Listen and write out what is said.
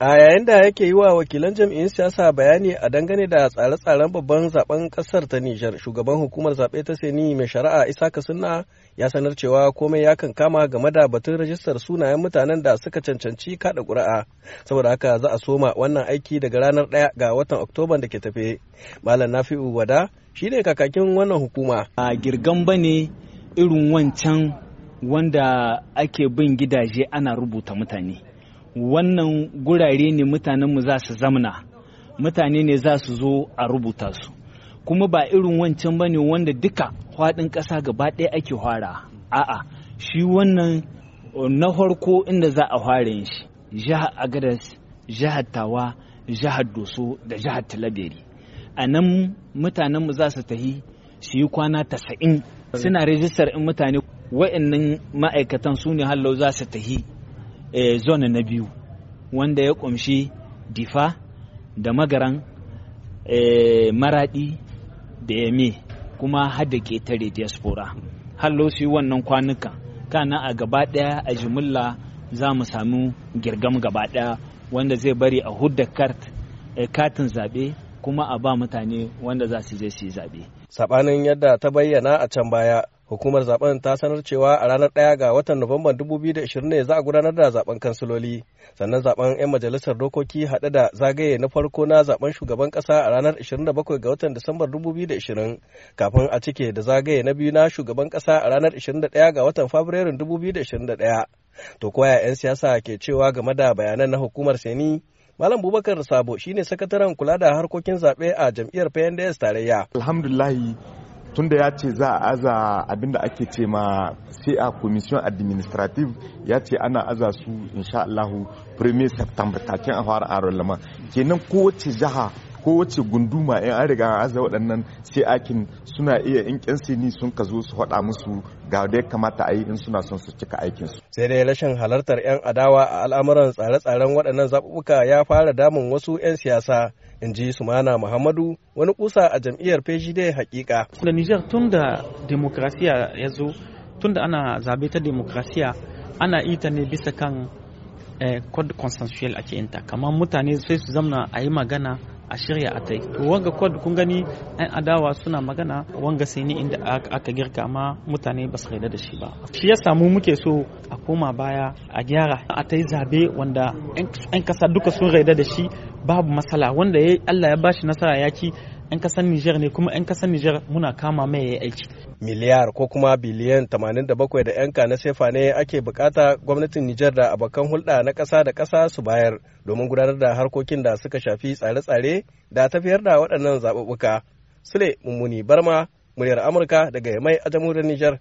A yayin da yake yi wa wakilan jam'in siyasa bayani a dangane da tsare-tsaren babban zaben kasar ta Nijar, shugaban hukumar zaɓe ta Seni mai shari'a Isa Kasunna ya sanar cewa komai ya kan kama game da batun rajistar sunayen mutanen da suka cancanci kada ƙuri'a. Saboda haka za a soma wannan aiki daga ranar ɗaya ga watan Oktoban da ke tafe. Malam Nafi'u Wada shi ne kakakin wannan hukuma. A girgan bane irin wancan wanda ake bin gidaje ana rubuta mutane. wannan gurare ne mutanenmu za su zamna mutane ne za su zo a rubuta su kuma ba irin wancan ba ne wanda duka faɗin ƙasa gaba ɗaya ake hwara a'a shi wannan uh, na farko inda za a fara yin shi jihar agadas jihar tawa jihar doso da jihar talabiri a nan mutanenmu za su tahi su yi kwana tasa'in suna rijistar in mutane wa'annan ma'aikatan su ne hallau za su tahi Eh, zone na biyu wanda ya kumshi difa da magaran eh, maradi da yame kuma hada ketare diaspora hallo su wannan kwanuka kana a gaba daya a jimilla za mu samu girgam gaba daya wanda zai bari a hudda eh, katin zaɓe kuma a ba mutane wanda za su je su yi zaɓe. Saɓanin yadda ta bayyana a can baya hukumar zaben ta sanar cewa a ranar 1 ga watan Nuwamban 2020 ne za a gudanar da zaben kansiloli sannan zaben 'yan majalisar dokoki haɗe da zagaye na farko na zaben shugaban ƙasa a ranar 27 ga watan Disambar 2020 kafin a cike da zagaye na biyu na shugaban ƙasa a ranar 21 ga watan Fabrairun 2021. To koya 'yan siyasa ke cewa game da bayanan na hukumar Seni Malam Bubakar Sabo shine sakataren kula da harkokin zaɓe a jam'iyyar PNDS tarayya. Alhamdulillah tunda ya ce za a aza abinda ake ce ma sai a commission administrative ya ce ana aza su insha premier 1 september takin a fara aron lama kenan kowace jiha wace gunduma in an riga an aza waɗannan sai akin suna iya in ƙyan sini sun ka zo su haɗa musu ga da kamata a yi in suna son su cika aikin su. sai dai rashin halartar 'yan adawa a al'amuran tsare-tsaren waɗannan zaɓuɓɓuka ya fara damun wasu 'yan siyasa in ji sumana muhammadu wani kusa a jam'iyyar feshi dai hakika. da niger tun da demokrasiya ya zo tun da ana zaɓe ta demokrasiya ana ita ne bisa kan eh, code consensual ake inta kamar mutane sai su zamna a yi magana a shirya a tai wanga kod kun gani an adawa suna magana wanga sai ni inda aka girka ma mutane ba su da shi ba shi ya samu muke so a koma baya a gyara a tai zabe wanda 'yan kasa duka sun raida da shi babu matsala wanda ya Allah ya bashi nasara ya ci 'yan kasar Niger ne kuma 'yan kasar niger muna kama mai aiki miliyar ko kuma biliyan 87 da yanka na sefa ne ake bukata gwamnatin Nijar da abokan hulɗa na ƙasa da ƙasa su bayar domin gudanar da harkokin da suka shafi tsare-tsare da tafiyar da waɗannan zaɓuɓɓuka. Sule Mummuni Barma, muryar Amurka daga Yamai a jamhuriyar Nijar.